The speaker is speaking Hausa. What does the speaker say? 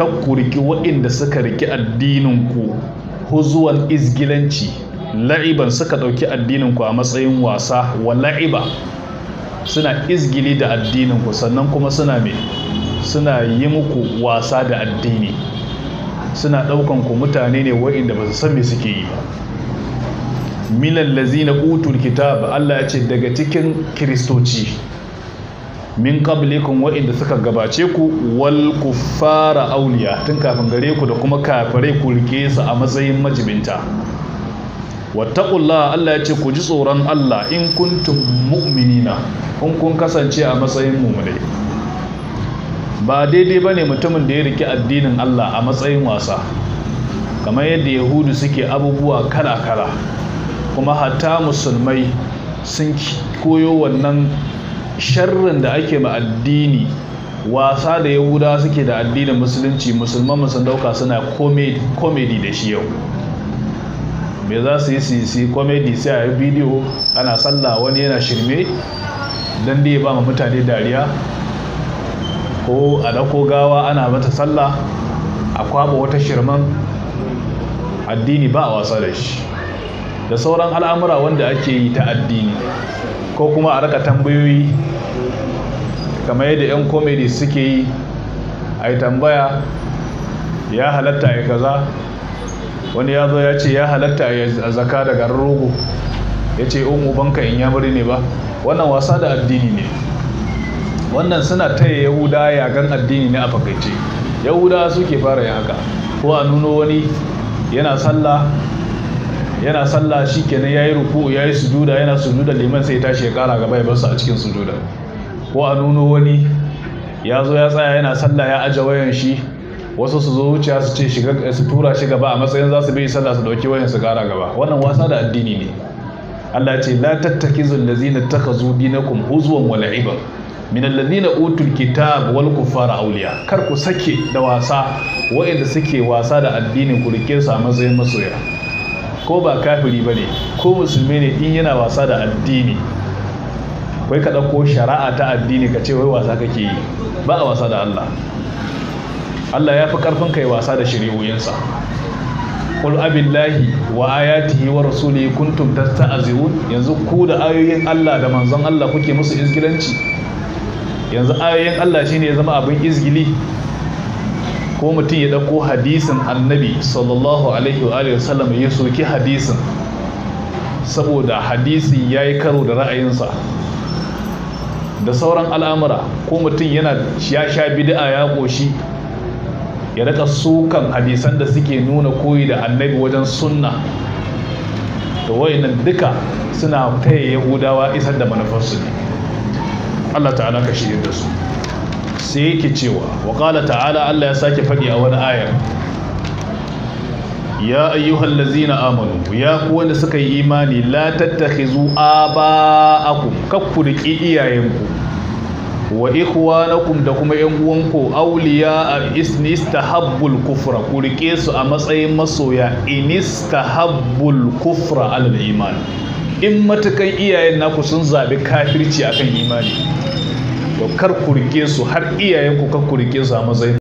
ta ku riki waɗanda suka riki addininku huzuwan izgilanci la'iban suka ɗauki addininku a matsayin wasa wa la'iba suna izgili da addininku sannan kuma suna mai suna yi muku wasa da addini suna ɗaukanku mutane ne waɗanda ba su san me suke yi ba lazi na utul kitab Allah ya ce daga cikin kiristoci min qablikum wa'inda suka gabace ku wal kuffara awliya tun kafin gare ku da kuma kafirai ku rike su a matsayin majibinta wattaqullaha Allah ya ce ku ji tsoron Allah in kuntum mu'minina in kun kasance a matsayin mu'mini ba daidai bane mutumin da ya rike addinin Allah a matsayin wasa kamar yadda yahudu suke abubuwa kala-kala kuma hatta musulmai sun koyo wannan sharrin da ake ma addini wasa da yahudawa suke da addinin musulunci musulman musulman dauka suna komedi da shi yau me za su yi sisi komedi sai a yi bidiyo ana sallah wani yana shirme don da ba ma mutane dariya ko a dako gawa ana mata sallah a kwaba wata shirman addini ba a wasa da shi da sauran al'amura wanda ake yi ta addini ko kuma a raka tambayoyi kamar yadda 'yan komedi suke yi a yi tambaya ya halatta a kaza wani ya zo ya ce ya halatta a zaka daga rogo ya ce in umm, ubanka in yamuri ne ba wannan wasa da addini ne wannan suna taya yahuda yagan addini ne a fakaice yahuda suke fara yaka, ko a nuno wani yana sallah yana sallah shi kenan ya yi ruku ya yi sujuda yana sujuda liman sai ya tashi ya kara gaba ya su a cikin sujuda ko a nuno wani ya zo ya tsaya yana sallah ya aje wayan shi wasu su zo wuciya su ce su tura shi gaba a matsayin za su bi sallah su dauki wayan su kara gaba wannan wasa da addini ne Allah ce la tattakizu allazina takhazu dinakum huzwan wa la'iban min allazina utul kitab wal kuffara awliya kar ku sake da wasa wa'anda suke wasa da addinin ku rike su a matsayin masoya ko ba kafiri ba ne ko musulmi ne in yana wasa da addini wai ka shari'a ta addini ka ce wai wasa kake yi ba a wasa da Allah Allah ya fi karfin kai wasa da shari'o'insa qul abillahi wa ayatihi wa rasulihi kuntum tasta'zirun yanzu ku da ayoyin Allah da manzon Allah kuke musu izgilanci yanzu ayoyin Allah shine ya zama abin izgili ko mutum ya ɗauko hadisin annabi sallallahu alaihi wa sallam ya soki hadisin saboda hadisin ya yi karo da ra'ayinsa da sauran al'amura ko mutum yana ya sha bid'a ya ƙoshi ya rika sukan hadisan da suke nuna koyi da annabi wajen sunna da wayannan duka suna taya yahudawa isar da manufarsu ne allah ta'ala ka shirya da su sai yake cewa waƙala ta'ala Allah ya sake faɗi a wani ayar ya ayyuhal lazina amanu ya ku wanda suka yi imani la tattakhizu aba'akum kakku riki iyayenku wa ikhwanakum da kuma yan uwanku awliya a isnistahabbul kufra ku rike su a matsayin masoya inistahabbul kufra alal iman in matukan iyayen naku sun zabi kafirci akan imani to kar ku rike har iyayen ku kar ku rike su a matsayin